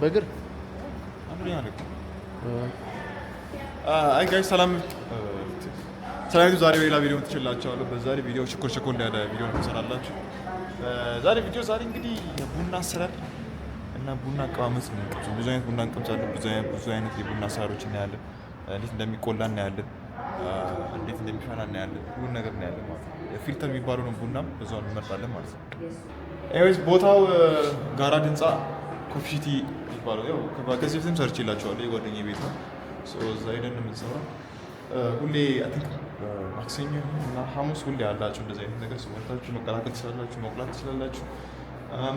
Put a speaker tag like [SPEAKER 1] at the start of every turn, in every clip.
[SPEAKER 1] በእግር
[SPEAKER 2] አይ ጋይ ሰላም ሰላም። ዛሬ በሌላ ቪዲዮ ትችላቸዋለሁ። በዛሬ ቪዲዮ ሽኮር ሽኮር እንዳለ ቪዲዮ ነው ዛሬ ቪዲዮ ዛሬ እንግዲህ የቡና አሰራር እና ቡና አቀማመጽ ነው። ብዙ አይነት ቡና እንቀምሳለን። ብዙ አይነት ብዙ አይነት የቡና አሰራሮች እናያለን። እንዴት እንደሚቆላ እናያለን። እንዴት እንደሚፈላ እናያለን። ሁሉን ነገር እናያለን ማለት ነው። ፊልተር የሚባለው ነው ቡናም በዛው እንመርጣለን ማለት ነው። ኤኒዌይስ ቦታው ጋራ ህንፃ ኮፊሽቲ ይባላል። ያው ከዚህ በፊትም ሰርች ይላቸዋል የጓደኛ ቤት ነው። እዛ ሄደን የምንሰራው ሁሌ ማክሰኞ እና ሐሙስ ሁሌ አላችሁ እንደዚህ አይነት ነገር ስመርታችሁ መቀላቀል ትችላላችሁ፣ መቁላት ትችላላችሁ፣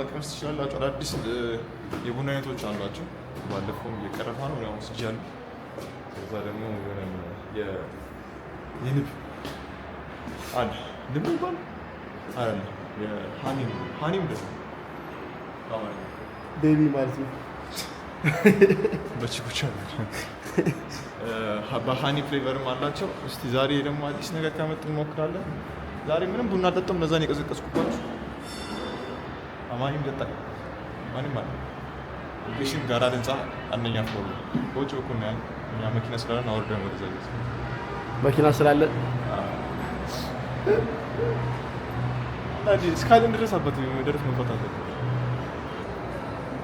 [SPEAKER 2] መቅመስ ትችላላችሁ። አዳዲስ የቡና አይነቶች አሏቸው። ባለፈው እየቀረፋ ነው ሁን ስጃሉ እዛ ደግሞ የንብ አንድ ንብ ይባል አለ የሀኒም ሀኒም
[SPEAKER 1] ቤቢ ማለት ነው።
[SPEAKER 2] በችኮቻ ፍሌቨርም አላቸው። እስቲ ዛሬ ደግሞ አዲስ ነገር ካመጡ እንሞክራለን። ዛሬ ምንም ቡና አልጠጣም። እነዛን የቀዘቀዝኩባችሁ አማኒም ጠጣ አለ ጋራ ድንፃ አንደኛ ፍሎ በውጭ በኩል ያለ። እኛ መኪና ስላለን አወርደን ወደዛ
[SPEAKER 1] መኪና ስላለን
[SPEAKER 2] እስካለን ድረስ አባት ደረስ መግባት አለ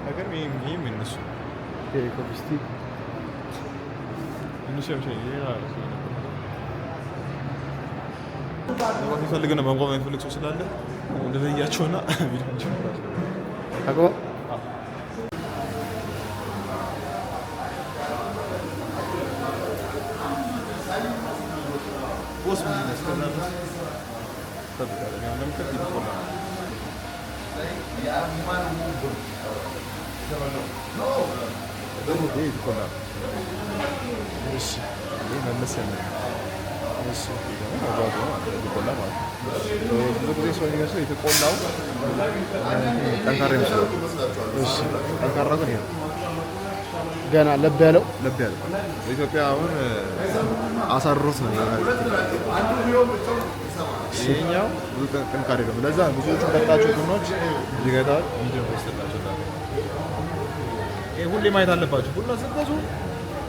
[SPEAKER 2] ነገር ይህም የነሱ ኮሚስቲ እነሱ ነው ማንቋም የሚፈልግ ሰው ስላለ እንደለያቸውና እፈልጋለሁ። ለምክር ይቆላ
[SPEAKER 1] ገና ለብ ያለው
[SPEAKER 2] ለብ ያለው ኢትዮጵያ አሁን አሳሮት ነው ይሄኛው ብዙ ጥንካሬ ነው። ለዛ ብዙዎቹ ቀጣቸው ቡናዎች ይገጣል ይሄ ሁሌ ማየት አለባቸው። ቡና ስትገዙ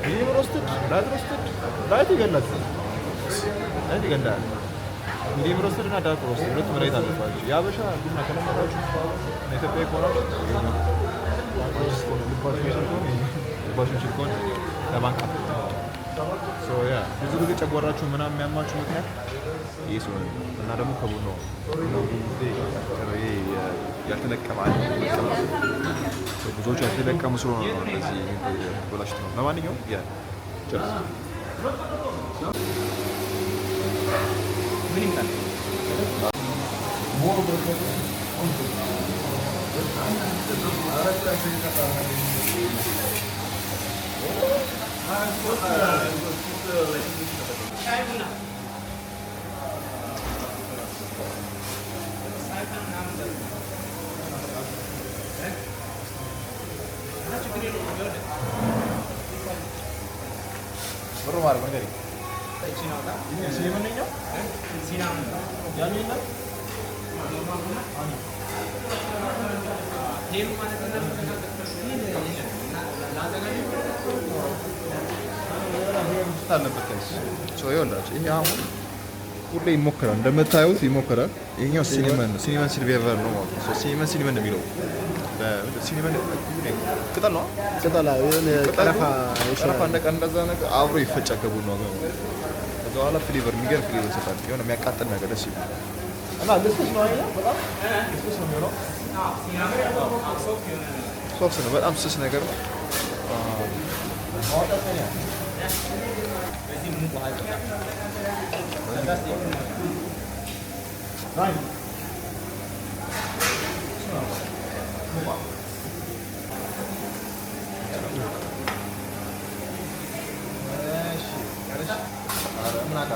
[SPEAKER 2] ሚዲየም ሮስትድ፣ ላይት ሮስትድ፣ ላይት ይገላል፣ ላይት ይገላል። ሚዲየም ሮስትድ እና ዳርክ ሮስትድ ሁለት መለየት አለባቸው። የአበሻ ቡና ከለመዳችሁ ኢትዮጵያ ከሆናችሁ ለባንክ ብዙ ጊዜ ጨጓራችሁ ምናምን የሚያማችሁ ምክንያት ኢየሱስ እና ደግሞ ከቡና ያልተለቀመ ብዙዎች ያልተለቀሙ ስለሆነ ነው እንደዚህ ተበላሽቶ ነው። ለማንኛውም ምን ይላል ሻይ ቡና ஒரு வாரம் கொண்டு இருக்கு చూడండి చూయ ఉండొచ్చు ఇది ሁሌ ይሞከራል፣ እንደምታዩት ይሞከራል። ይሄኛው ሲኒመን ነው፣ ሲኒመን ሲልቬቨር ነው ማለት ነው። ሲኒመን ሲኒመን ነው የሚለው ቅጠል ነው
[SPEAKER 1] ቅጠላ ቀረፋ
[SPEAKER 2] እንደ እንደዛ ነገር አብሮ ይፈጫል ከቡና ነው። ከዛ በኋላ ፍሌቨር የሚገርም ፍሌቨር ይሰጣል። የሆነ የሚያቃጥል ነገር ደስ ይላል
[SPEAKER 1] እና ልስስ ነው አይደል? በጣም ልስስ ነው የሚሆነው።
[SPEAKER 2] ሶፍት ነው በጣም ስስ ነገር ነው። አዎ ከዛ ማለት ማጠጫ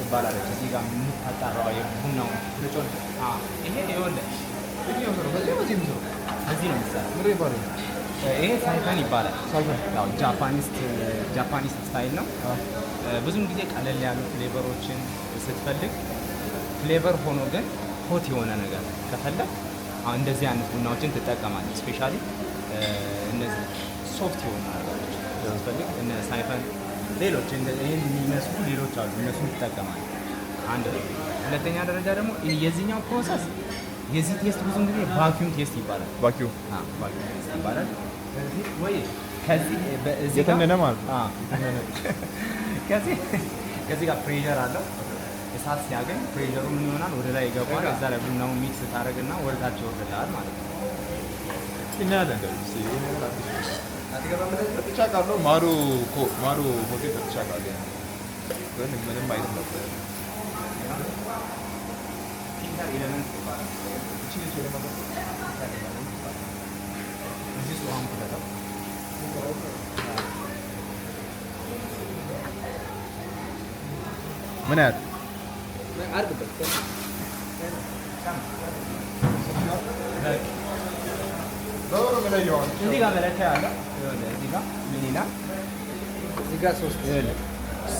[SPEAKER 1] ትባላለች። እዚህ ጋር የምታጣራው ቡናውን ይሄ ይኸውልህ
[SPEAKER 2] በዚህ
[SPEAKER 1] ይሄ ሳይፈን ይባላል። ጃፓኒስ ስታይል ነው። ብዙም ጊዜ ቀለል ያሉ ፍሌቨሮችን ስትፈልግ ፍሌቨር ሆኖ ግን ሆት የሆነ ነገር ከፈለግ እንደዚህ አይነት ቡናዎችን ትጠቀማለህ። እስፔሻሊ እነዚህ ሶፍት የሆኑ ነገሮች ስትፈልግ እነ ሳይፈን፣ ሌሎች ይህን የሚመስሉ ሌሎች አሉ። እነሱን ትጠቀማለህ። አንድ ሁለተኛ ደረጃ ደግሞ የዚህኛው ፕሮሰስ የዚህ ቴስት ብዙ ጊዜ ቫኪዩም ቴስት ይባላል። ቫኪዩም ይባላል። ወይ ከዚህ
[SPEAKER 2] የተነነ ማለት
[SPEAKER 1] አዎ፣ ከዚህ ከዚህ ጋር ፕሬሸር አለው። እሳት ሲያገኝ ፕሬሸሩ ምን ይሆናል? ወደ ላይ ይገባል። እዛ ላይ ቡናው ሚክስ ታደርግና ወደ ታች ይወርድልሃል ማለት ነው።
[SPEAKER 2] እና ያለ ብቻ ማሩ ማሩ ሆቴል ብቻ ምንም አይነት ነበር सर इलेवन के बाद पिछले छोटे मतलब सर इलेवन के बाद हाँ। मुझे सुबह हम पता था मैंने मैं अर्घ बच्चा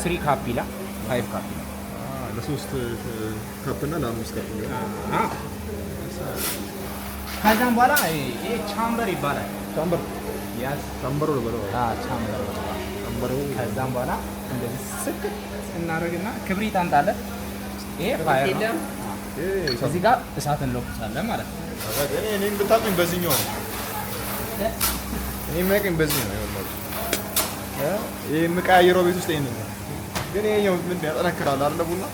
[SPEAKER 1] श्री खापीला फाइव कापीला
[SPEAKER 2] ለሶስት ካፕና ለአምስት ካፕ
[SPEAKER 1] ከዛም በኋላ ይሄ ቻምበር ይባላል። ቻምበር ያስ
[SPEAKER 2] ቻምበሩ ነው በለው። ቻምበሩ
[SPEAKER 1] ከዛም በኋላ እንደዚህ ስክ እናደርግና ክብሪት አንጣለን። ይሄ ፋየር ነው። እዚህ ጋር እሳት እንለኩሳለን ማለት ነው።
[SPEAKER 2] እኔ እኔን ብታውቅኝ በዚህኛው ነው። እኔ የማያውቅኝ በዚህ ነው። ይሄ የምቀያየረው ቤት ውስጥ ይሄንን ነው ግን ይሄኛው ምን ያጠነክራል አይደለ? ቡና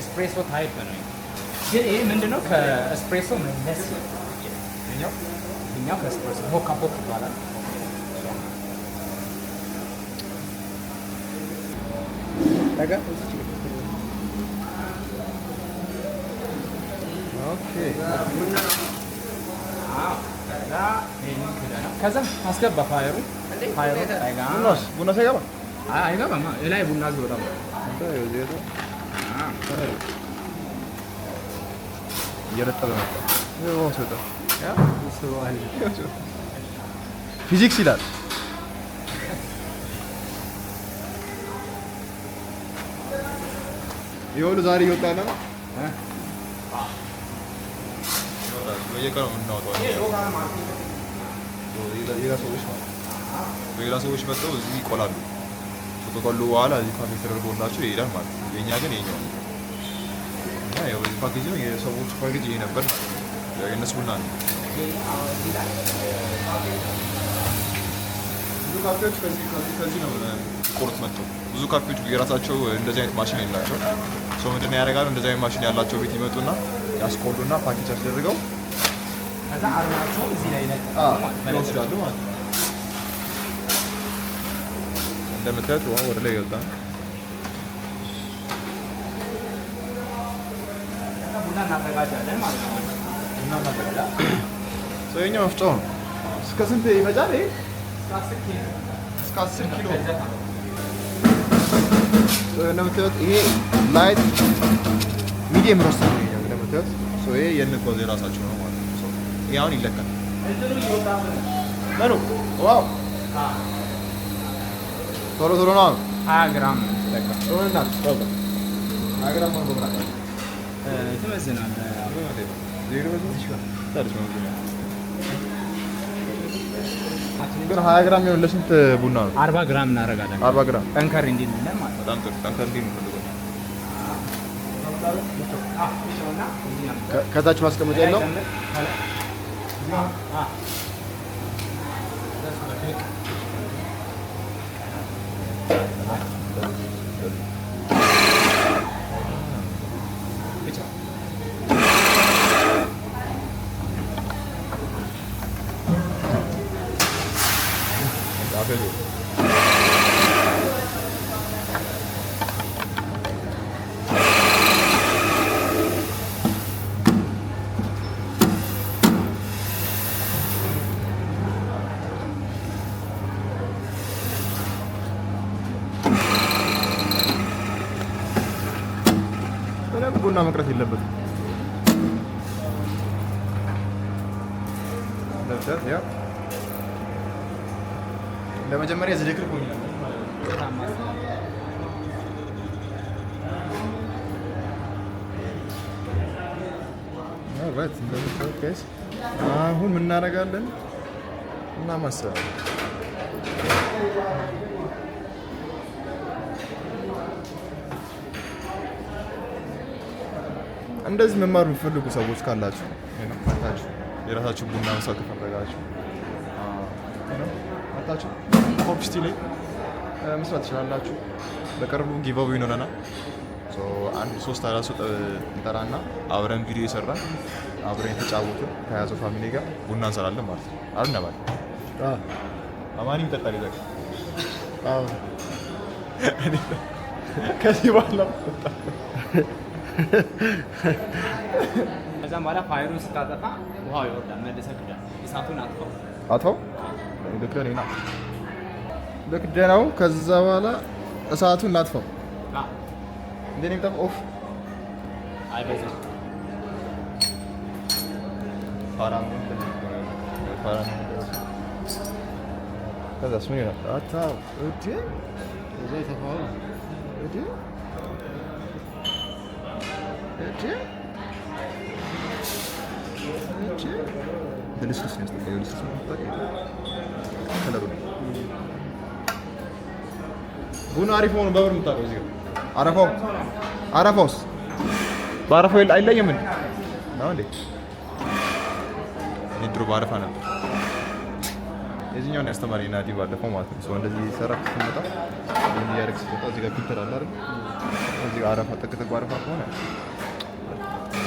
[SPEAKER 1] ኤስፕሬሶ ታይፕ ነው። ግን ይሄ ምንድን ነው? ከኤስፕሬሶ መለስ እኛው ከኤስፕሬሶ ቦካ ቦክ ይባላል። ከዛ አስገባ ፋየሩ ፋየሩ ቡና ሳይገባ አይገባም። ላይ ቡና ዝወጣ
[SPEAKER 2] ፊዚክስ ይላል። ይኸውሉ ዛሬ እየወጣ ነው። ሌላ ሰዎች መጥተው እዚህ ይቆላሉ። ከተቆሉ በኋላ እዚህ ፓኬጅ ተደርጎላቸው ይሄዳል ማለት ነው። የእኛ ግን ይሄኛው እና ያው እዚህ ፓኬጅ ነው። የሰዎቹ ፓኬጅ ይሄ ነበር ማለት ነው። ያው የእነሱ ቡና ነው። ብዙ ካፌዎች ከዚህ ከዚህ ነው ቆርጥ መጥተው ብዙ ካፌዎች የራሳቸው እንደዚህ አይነት ማሽን የላቸው ሰው ምንድን ያደርጋሉ? እንደዚህ አይነት ማሽን ያላቸው ቤት ይመጡና ያስቆሉና ፓኬጅ አስደርገው
[SPEAKER 1] ከዛ አርማቸው እዚህ ላይ
[SPEAKER 2] ይወስዳሉ ማለት ነው። እንደምታዩት ውሃ ወደ ላይ ይወጣል። ይኸኛው መፍጫው ነው። እስከ ስንት ይፈጫል? ይሄ እስከ አስር ኪሎ እንደምታዩት። ይሄ ላይት ሚዲየም ሮስት ነው እንደምታዩት። ይሄ የንቆዜ ራሳቸው ነው ማለት ነው። ይሄ አሁን ይለካል። ዋው ቶሎ ቶሎ ነው።
[SPEAKER 1] ሀያ ግራም ግን
[SPEAKER 2] ሀያ ግራም የሚሆን ለስንት ቡና
[SPEAKER 1] ነው? አርባ ግራም እናደርጋለን። አርባ ግራም ጠንከር እንዲል
[SPEAKER 2] ከታች ማስቀመጫ የለውም። Thank you. ቡና መቅረት የለበትም። ለመጀመሪያ ዝድክር አሁን ምናደርጋለን እና ማሰብ እንደዚህ መማር የምትፈልጉ ሰዎች ካላችሁ የራሳችሁ ቡና መሳ ከፈለጋችሁ መታችሁ ኮፕስቲ ላይ መስራት ትችላላችሁ። በቅርቡ ጊቫዊ ይኖረናል። አንድ ሶስት አራት ሰው እንጠራና አብረን ቪዲዮ የሰራን አብረን የተጫወትን ከያዘው ፋሚሊ ጋር ቡና እንሰራለን ማለት ነው። አርነባል አማኒ ይጠጣል ይዘቅ ከዚህ በኋላ
[SPEAKER 1] ከዛም በኋላ ፋይሩን ስታጠፋ ውሃው ይወርዳል። መልሰህ ክዳል። እሳቱን አጥፋው
[SPEAKER 2] አጥፋው። ልክደኔና ልክደናው። ከዛ በኋላ እሳቱን እናጥፋው። እንደኔ በጣም ኦፍ አይበዛም። ከዛስ ምን ይሆናል? ልስልስ ያስጠቀየው ልስልስ ከለሩ ቡና አሪፍ ሆኖ በብር የምታውቀው እዚህ አረፋው አረፋውስ በአረፋው አይለይም እኔ ድሮ በአረፋ ነበር። የዚህኛውን ያስተማሪ ናዲ ባለፈው ማለት ነው። እንደዚህ ሰራ ስትመጣ እዚህ ጋር ፊልተር አለ አይደል? እዚህ አረፋ ጥቅጥቅ አረፋ ከሆነ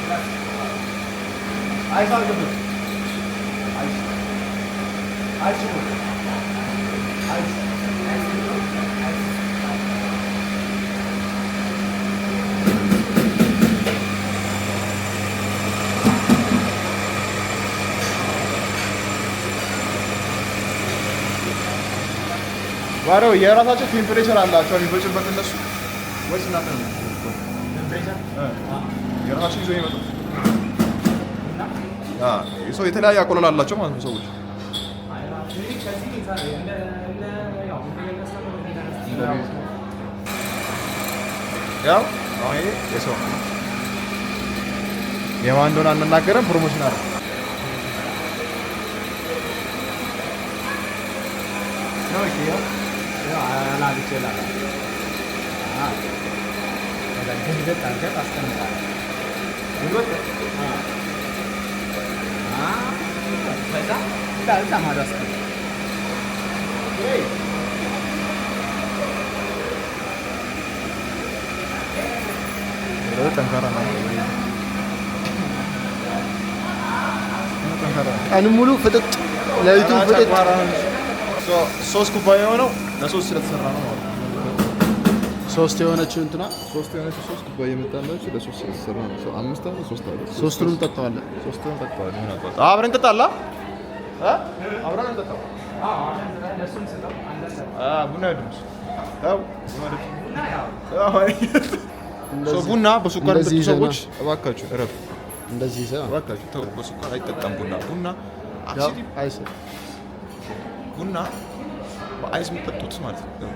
[SPEAKER 2] 아이스 한 점도 아이스 아이스 볼 아이스 Варо, я раз хочу температура, да, что-нибудь, чтобы это наш... 8 на 3. Температура? Да. የራሱ ይዞ ይመጣል። ሰው የተለያየ አቆላል አላቸው ማለት ነው ሰዎች ያው አሁን የሰው የማን እንደሆነ አንናገረም። ፕሮሞሽን አለ ነው ከዛ እዛ ማዶ አስቀምጥ። ቀን ሙሉ ፍጥጥ፣ ሌሊቱን ፍጥጥ። ሶስት ኩባያ የሆነው ለሶስት ስለተሰራ ነው። ሶስት የሆነችው እንትና ሶስት የሆነችው ሶስት ኩባያ የመጣላች ለሶስት ሰራ ነው። አምስት አለ ሶስት አለ ሶስቱንም ጠጣዋለን። ሶስቱንም ጠጣዋለን። ምን አጣጣ አብረን እንጠጣላ አብረን እንጠጣ ቡና በሱካር የምትጠጡ ሰዎች እባካችሁ እረፍ። እንደዚህ ይዘህ እባካችሁ ተው። በሱካር አይጠጣም ቡና ቡና ቡና አይስ የሚጠጡት ማለት ነው።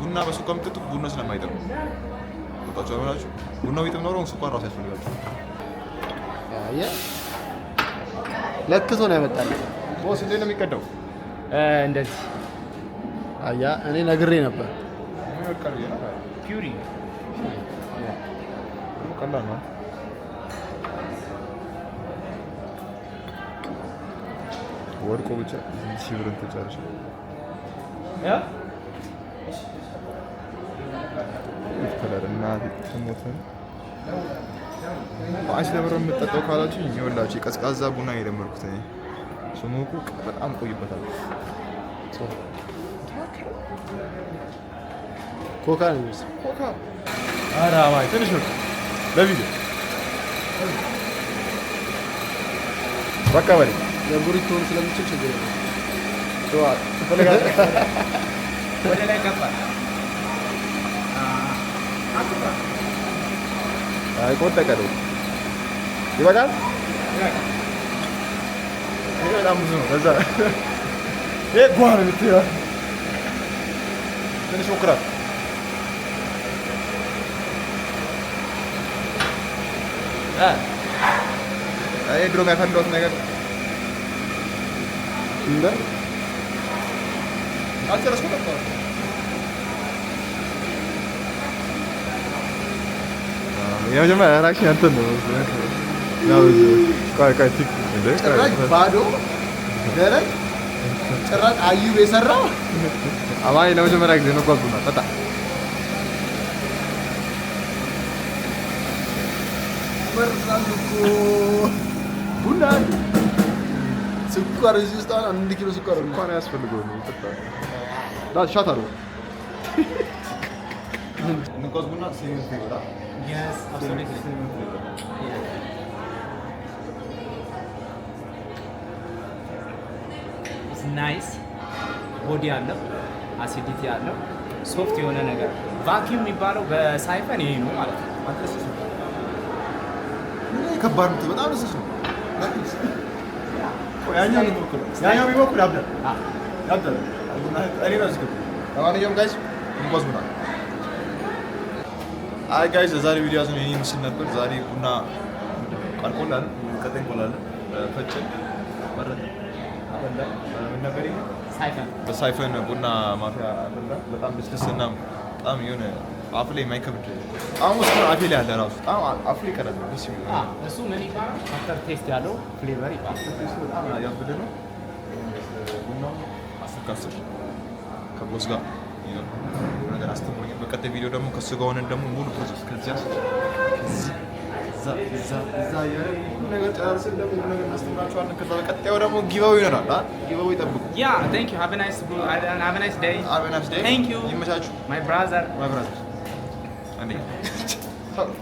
[SPEAKER 2] ቡና በሱኳ የሚጠጡት ቡና ስለማይጠሩ ጣቸው ሆናችሁ ቡና ቤትም ኖረው ስኳር ራሱ ያስፈልጋቸው። ለክቶ ነው ያመጣል። ቦስ እንዴት ነው የሚቀደው? እንደዚህ አያ እኔ ነግሬ ነበር። ቀላል ነው። ወድቆ ብቻ ሺህ ብርን ተጨርሻል። አይስ ደብረ የምጠጣው ካላችሁ ይኸውላችሁ የቀዝቃዛ ቡና የደመርኩት እኔ ስሞኩ በጣም ቆይበታል። ኮካ ነው ትንሽ ነው ለቪዲዮ በቃ በል ለቡሪቶን ስለምችል ችግር የለም ಕೊಡ್ಬೇಕಾದ್ರು ಇವಾಗ ರಜಾ ಏ ಗುವಾರ ಬಿತ್ತೀಯ ನನ್ನ ಶುಕ್ರ એ ડ્રો મેથડ લોસ મેગર અંદર Antes era escuta fora. የመጀመሪያ ሪያክሽን ያንተ ነው። ነው ቆይ ቆይ ቲክ እንደ
[SPEAKER 1] ጭራሽ ባዶ ደረቅ ጭራሽ አዩብ የሰራው
[SPEAKER 2] አማይ ለመጀመሪያ ጊዜ ነው ጓጉና ጠጣ ይመርዛል እኮ ቡና ስኳር እዚህ ውስጥ አንድ ኪሎ ስኳር ስኳር ያስፈልገው ነው ጠጣ ሻት አሉ
[SPEAKER 1] ናይስ ቦዲ አለው፣ አሲዲቲ አለው፣ ሶፍት የሆነ ነገር ቫኪዩም የሚባለው በሳይፈን ይሄ ነው ማለት ነው።
[SPEAKER 2] ከባድ ነው በጣም ነው። ያኛው ይሞክራል ያኛው ይሞክራል ያብዳል ያብዳል ለማንኛውም ጋይስ እንጓዝ ቡና። አይ ጋይስ ዛሬ ቪዲዮ ያዘን ይህን ምስል ነበር። ዛሬ ቡና አልቆላል ቀጠን ቆላል ፈጭን መረጠ ነበር በሳይፈን ቡና ማፊያ በጣም ልስልስ እና በጣም የሆነ አፍ ላይ የማይከብድ ጣም ውስጥ አፌ ላይ ያለ ራሱ ጣም አፍ ላይ ቀረ ደስ
[SPEAKER 1] የሚል እሱ ምን ይባላል? አፍተር ቴስት ያለው ፍሌቨር ይባላል።
[SPEAKER 2] አፍተር ቴስት በጣም ያበደ ነው። ቡናው አስር ከአስር ከቦስ ጋር ነገር አስተምሮኛል። በቀጣይ ቪዲዮ ደግሞ ከሱ ጋር ሆነን ደግሞ ሙሉ ፕሮሰስ ከዚያ ይመቻችሁ ማይ ብራዘር ማይ ብራዘር